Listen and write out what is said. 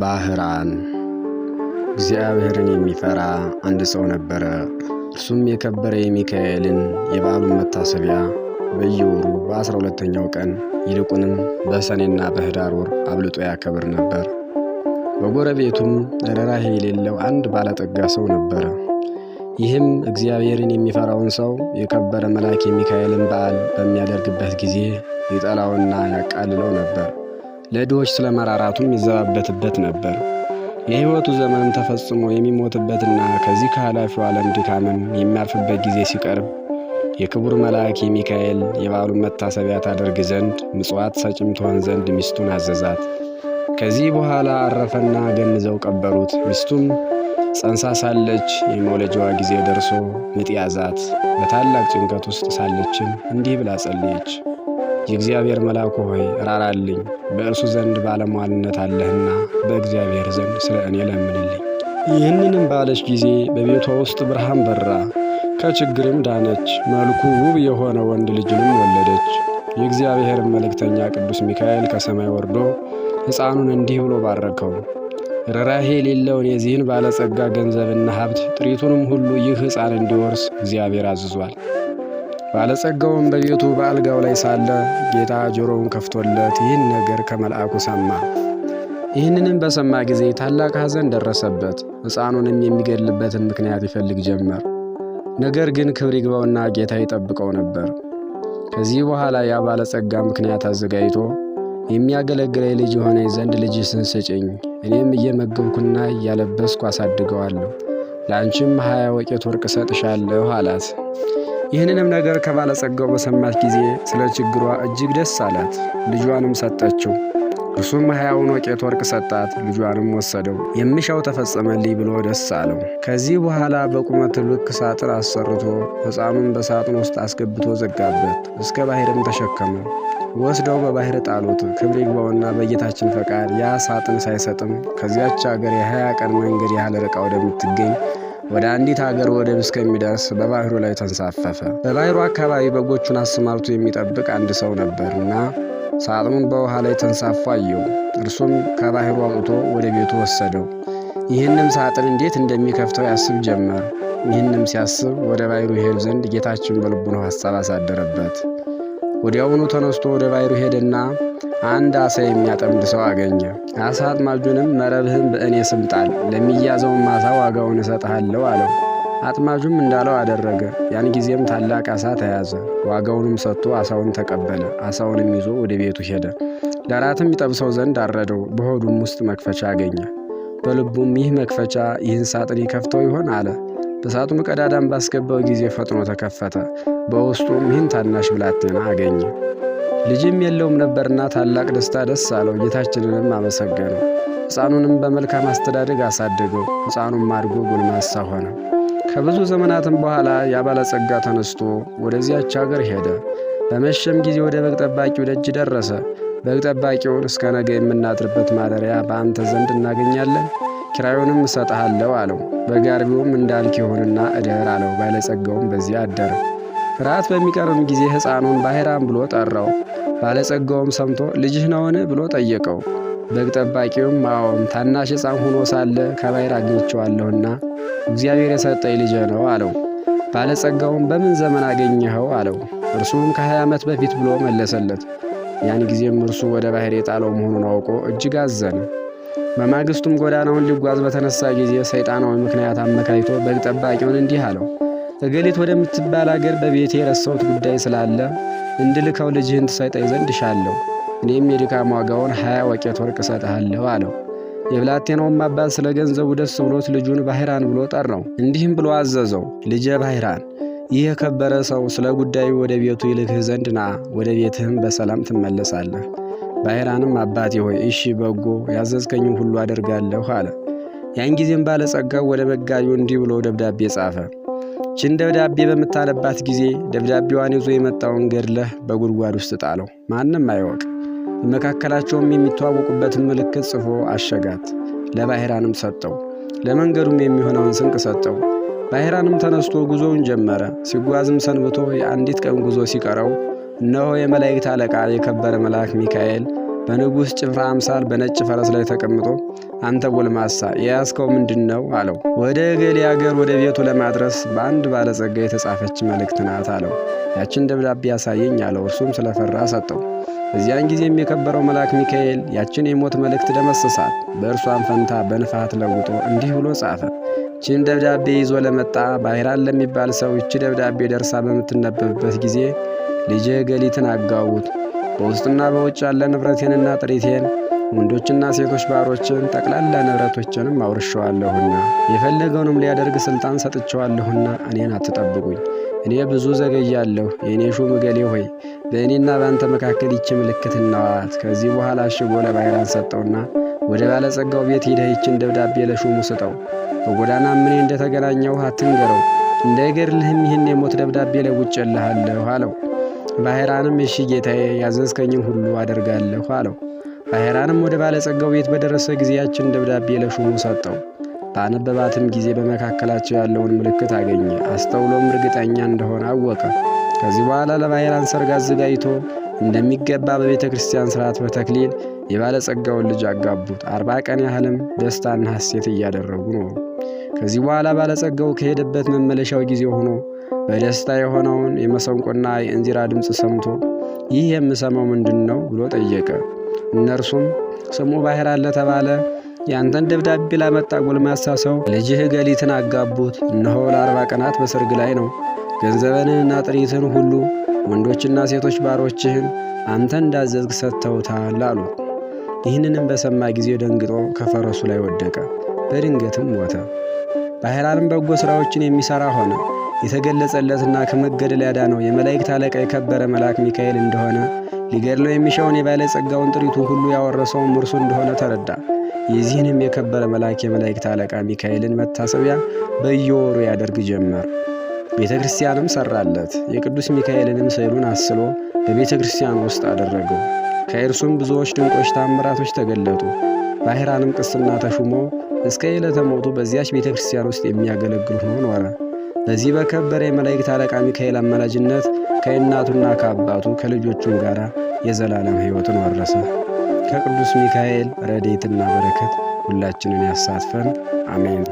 ባህራን እግዚአብሔርን የሚፈራ አንድ ሰው ነበረ። እርሱም የከበረ የሚካኤልን የበዓሉን መታሰቢያ በየወሩ በአስራ ሁለተኛው ቀን ይልቁንም በሰኔና በህዳር ወር አብልጦ ያከብር ነበር። በጎረቤቱም ርኅራኄ የሌለው አንድ ባለጠጋ ሰው ነበረ። ይህም እግዚአብሔርን የሚፈራውን ሰው የከበረ መልአክ የሚካኤልን በዓል በሚያደርግበት ጊዜ ይጠላውና ያቃልለው ነበር። ለድሆች ስለ መራራቱም ይዘባበትበት ነበር። የሕይወቱ ዘመንም ተፈጽሞ የሚሞትበትና ከዚህ ከኃላፊው ዓለም ድካምም የሚያርፍበት ጊዜ ሲቀርብ የክቡር መልአክ የሚካኤል የበዓሉን መታሰቢያ ታደርግ ዘንድ ምጽዋት ሰጭም ትሆን ዘንድ ሚስቱን አዘዛት። ከዚህ በኋላ አረፈና ገንዘው ቀበሩት። ሚስቱም ጸንሳ ሳለች የመውለጃዋ ጊዜ ደርሶ ምጥ ያዛት። በታላቅ ጭንቀት ውስጥ ሳለችም እንዲህ ብላ ጸልየች። የእግዚአብሔር መልአኩ ሆይ ራራልኝ፣ በእርሱ ዘንድ ባለሟልነት አለህና በእግዚአብሔር ዘንድ ስለ እኔ ለምንልኝ። ይህንንም ባለች ጊዜ በቤቷ ውስጥ ብርሃን በራ፣ ከችግርም ዳነች። መልኩ ውብ የሆነ ወንድ ልጅንም ወለደች። የእግዚአብሔር መልእክተኛ ቅዱስ ሚካኤል ከሰማይ ወርዶ ሕፃኑን እንዲህ ብሎ ባረከው። ርኅራኄ የሌለውን የዚህን ባለጸጋ ገንዘብና ሀብት ጥሪቱንም ሁሉ ይህ ሕፃን እንዲወርስ እግዚአብሔር አዝዟል። ባለጸጋውም በቤቱ በአልጋው ላይ ሳለ ጌታ ጆሮውን ከፍቶለት ይህን ነገር ከመልአኩ ሰማ። ይህንንም በሰማ ጊዜ ታላቅ ሐዘን ደረሰበት። ሕፃኑንም የሚገድልበትን ምክንያት ይፈልግ ጀመር። ነገር ግን ክብር ይግባውና ጌታ ይጠብቀው ነበር። ከዚህ በኋላ ያ ባለጸጋ ምክንያት አዘጋጅቶ የሚያገለግለኝ ልጅ የሆነ ዘንድ ልጅ ስንስጭኝ እኔም እየመገብኩና እያለበስኩ አሳድገዋለሁ፣ ለአንቺም ሀያ ወቄት ወርቅ እሰጥሻለሁ አላት። ይህንንም ነገር ከባለጸጋው በሰማች ጊዜ ስለ ችግሯ እጅግ ደስ አላት። ልጇንም ሰጠችው። እርሱም ሀያውን ወቄት ወርቅ ሰጣት። ልጇንም ወሰደው። የምሻው ተፈጸመልኝ ብሎ ደስ አለው። ከዚህ በኋላ በቁመት ልክ ሳጥን አሰርቶ ሕፃኑን በሳጥን ውስጥ አስገብቶ ዘጋበት። እስከ ባሕርም ተሸከመው ወስደው በባሕር ጣሉት። ክብር ይግባውና በጌታችን ፈቃድ ያ ሳጥን ሳይሰጥም ከዚያች አገር የሀያ ቀን መንገድ ያህል ርቃ ወደምትገኝ ወደ አንዲት ሀገር ወደብ እስከሚደርስ በባህሩ ላይ ተንሳፈፈ። በባህሩ አካባቢ በጎቹን አሰማርቶ የሚጠብቅ አንድ ሰው ነበር እና ሳጥኑን በውሃ ላይ ተንሳፎ አየው። እርሱም ከባህሩ አውጥቶ ወደ ቤቱ ወሰደው። ይህንም ሳጥን እንዴት እንደሚከፍተው ያስብ ጀመር። ይህንም ሲያስብ ወደ ባህሩ ይሄድ ዘንድ ጌታችን በልቡኑ ሐሳብ አሳደረበት። ወዲያውኑ ተነስቶ ወደ ባሕሩ ሄደና አንድ አሳ የሚያጠምድ ሰው አገኘ። አሳ አጥማጁንም መረብህን በእኔ ስም ጣል፣ ለሚያዘውን ማሳ ዋጋውን እሰጥሃለሁ አለው። አጥማጁም እንዳለው አደረገ። ያን ጊዜም ታላቅ አሳ ተያዘ። ዋጋውንም ሰጥቶ አሳውን ተቀበለ። አሳውንም ይዞ ወደ ቤቱ ሄደ። ለራትም ይጠብሰው ዘንድ አረደው። በሆዱም ውስጥ መክፈቻ አገኘ። በልቡም ይህ መክፈቻ ይህን ሳጥን ይከፍተው ይሆን አለ። በሳጥኑ ቀዳዳም ባስገባው ጊዜ ፈጥኖ ተከፈተ። በውስጡም ይህን ታናሽ ብላቴና አገኘ። ልጅም የለውም ነበርና ታላቅ ደስታ ደስ አለው። ጌታችንንም አመሰገነው። ሕፃኑንም በመልካም አስተዳደግ አሳደገው። ሕፃኑም አድጎ ጎልማሳ ሆነ። ከብዙ ዘመናትም በኋላ ያ ባለጸጋ ተነስቶ ወደዚያች አገር ሄደ። በመሸም ጊዜ ወደ በግ ጠባቂው ደጅ ደረሰ። በግ ጠባቂውን እስከ ነገ የምናድርበት ማደሪያ በአንተ ዘንድ እናገኛለን፣ ኪራዩንም እሰጥሃለሁ አለው። በግ አርቢውም እንዳልክ ይሁንና እደር አለው። ባለጸጋውም በዚያ አደረ። ራት በሚቀርብ ጊዜ ሕፃኑን ባሕራን ብሎ ጠራው። ባለጸጋውም ሰምቶ ልጅህ ነውን ብሎ ጠየቀው። በግ ጠባቂውም አዎም፣ ታናሽ ሕፃን ሆኖ ሳለ ከባሕር አግኝቼዋለሁና እግዚአብሔር የሰጠኝ ልጄ ነው አለው። ባለጸጋውም በምን ዘመን አገኘኸው አለው። እርሱም ከሀያ ዓመት በፊት ብሎ መለሰለት። ያን ጊዜም እርሱ ወደ ባሕር የጣለው መሆኑን አውቆ እጅግ አዘነ። በማግስቱም ጎዳናውን ሊጓዝ በተነሳ ጊዜ ሰይጣናዊ ምክንያት አመካኝቶ በግ ጠባቂውን እንዲህ አለው እገሊት ወደምትባል አገር በቤቴ የረሳሁት ጉዳይ ስላለ እንድልከው ልጅህን ትሰጠኝ ዘንድ እሻለሁ። እኔም የድካም ዋጋውን ሀያ ወቄት ወርቅ እሰጥሃለሁ አለው። የብላቴናውም አባት ስለ ገንዘቡ ደስ ብሎት ልጁን ባህራን ብሎ ጠራው። እንዲህም ብሎ አዘዘው፣ ልጄ ባህራን ይህ የከበረ ሰው ስለ ጉዳዩ ወደ ቤቱ ይልክህ ዘንድ ና፣ ወደ ቤትህም በሰላም ትመለሳለህ። ባህራንም አባቴ ሆይ እሺ፣ በጎ ያዘዝከኝም ሁሉ አደርጋለሁ አለ። ያን ጊዜም ባለጸጋው ወደ መጋቢው እንዲህ ብሎ ደብዳቤ ጻፈ። ይህችን ደብዳቤ በምታነባት ጊዜ ደብዳቤዋን ይዞ የመጣውን ገድለህ በጉድጓድ ውስጥ ጣለው፣ ማንም አይወቅ። በመካከላቸውም የሚተዋወቁበትን ምልክት ጽፎ አሸጋት፣ ለባሕራንም ሰጠው። ለመንገዱም የሚሆነውን ስንቅ ሰጠው። ባሕራንም ተነስቶ ጉዞውን ጀመረ። ሲጓዝም ሰንብቶ የአንዲት ቀን ጉዞ ሲቀረው እነሆ የመላእክት አለቃ የከበረ መልአክ ሚካኤል በንጉሥ ጭፍራ አምሳል በነጭ ፈረስ ላይ ተቀምጦ አንተ ጎልማሳ የያዝከው ምንድን ነው አለው። ወደ እገሌ አገር ወደ ቤቱ ለማድረስ በአንድ ባለጸጋ የተጻፈች መልእክት ናት አለው። ያችን ደብዳቤ ያሳየኝ አለው። እርሱም ስለፈራ ሰጠው። እዚያን ጊዜም የከበረው መልአክ ሚካኤል ያችን የሞት መልእክት ደመሰሳት። በእርሷን ፈንታ በንፋት ለውጦ እንዲህ ብሎ ጻፈ። ይችን ደብዳቤ ይዞ ለመጣ ባይራን ለሚባል ሰው ይቺ ደብዳቤ ደርሳ በምትነበብበት ጊዜ ልጄ ገሊትን አጋውት በውስጥና በውጭ ያለ ንብረቴንና ጥሪቴን ወንዶችና ሴቶች ባሮችን ጠቅላላ ንብረቶችንም አውርሸዋለሁና የፈለገውንም ሊያደርግ ስልጣን ሰጥቸዋለሁና እኔን አትጠብቁኝ። እኔ ብዙ ዘገያለሁ። የእኔ ሹም እገሌ ሆይ በእኔና በአንተ መካከል ይቺ ምልክት እናዋት። ከዚህ በኋላ አሽጎ ለባይራን ሰጠውና ወደ ባለጸጋው ቤት ሂደህ ይችን ደብዳቤ ለሹሙ ስጠው። በጎዳና ምን እንደተገናኘው አትንገረው። እንዳይገድልህም ይህን የሞት ደብዳቤ ለውጭ ልሃለሁ አለው። ባሕራንም እሺ ጌታዬ ያዘዝከኝን ሁሉ አደርጋለሁ አለው። ባሕራንም ወደ ባለጸጋው ቤት በደረሰ ጊዜያችን ደብዳቤ ለሹሙ ሰጠው። ባነበባትም ጊዜ በመካከላቸው ያለውን ምልክት አገኘ። አስተውሎም እርግጠኛ እንደሆነ አወቀ። ከዚህ በኋላ ለባሕራን ሰርግ አዘጋጅቶ እንደሚገባ በቤተ ክርስቲያን ሥርዓት በተክሊል የባለጸጋውን ልጅ አጋቡት። አርባ ቀን ያህልም ደስታና ሐሴት እያደረጉ ነው። ከዚህ በኋላ ባለጸጋው ከሄደበት መመለሻው ጊዜ ሆኖ በደስታ የሆነውን የመሰንቆና የእንዚራ ድምፅ ሰምቶ ይህ የምሰማው ምንድን ነው ብሎ ጠየቀ። እነርሱም ስሙ ባህራን ለተባለ ያንተን ደብዳቤ ላመጣ ጎልማሳ ሰው ልጅህ ገሊትን አጋቡት። እነሆ ለአርባ ቀናት በሰርግ ላይ ነው። ገንዘብህንና ጥሪትን ሁሉ ወንዶችና ሴቶች ባሮችህን አንተ እንዳዘዝግ ሰጥተውታል አሉት። ይህንንም በሰማ ጊዜ ደንግጦ ከፈረሱ ላይ ወደቀ፣ በድንገትም ሞተ። ባህራንም በጎ ሥራዎችን የሚሠራ ሆነ። የተገለጸለትና ከመገደል ያዳነው የመላእክት አለቃ የከበረ መልአክ ሚካኤል እንደሆነ ሊገድለው የሚሻውን የባለጸጋውን ጥሪቱን ሁሉ ያወረሰውም እርሱ እንደሆነ ተረዳ። የዚህንም የከበረ መልአክ የመላእክት አለቃ ሚካኤልን መታሰቢያ በየወሩ ያደርግ ጀመር። ቤተ ክርስቲያንም ሰራለት። የቅዱስ ሚካኤልንም ስዕሉን አስሎ በቤተ ክርስቲያን ውስጥ አደረገው። ከእርሱም ብዙዎች ድንቆች ታምራቶች ተገለጡ። ባህራንም ቅስና ተሹሞ እስከ ዕለተ ሞቱ በዚያች ቤተ ክርስቲያን ውስጥ የሚያገለግል ሆኖ ኖረ። በዚህ በከበረ የመላእክት አለቃ ሚካኤል አማላጅነት ከእናቱና ከአባቱ ከልጆቹም ጋር የዘላለም ሕይወትን ወረሰ። ከቅዱስ ሚካኤል ረድኤትና በረከት ሁላችንን ያሳትፈን፣ አሜን።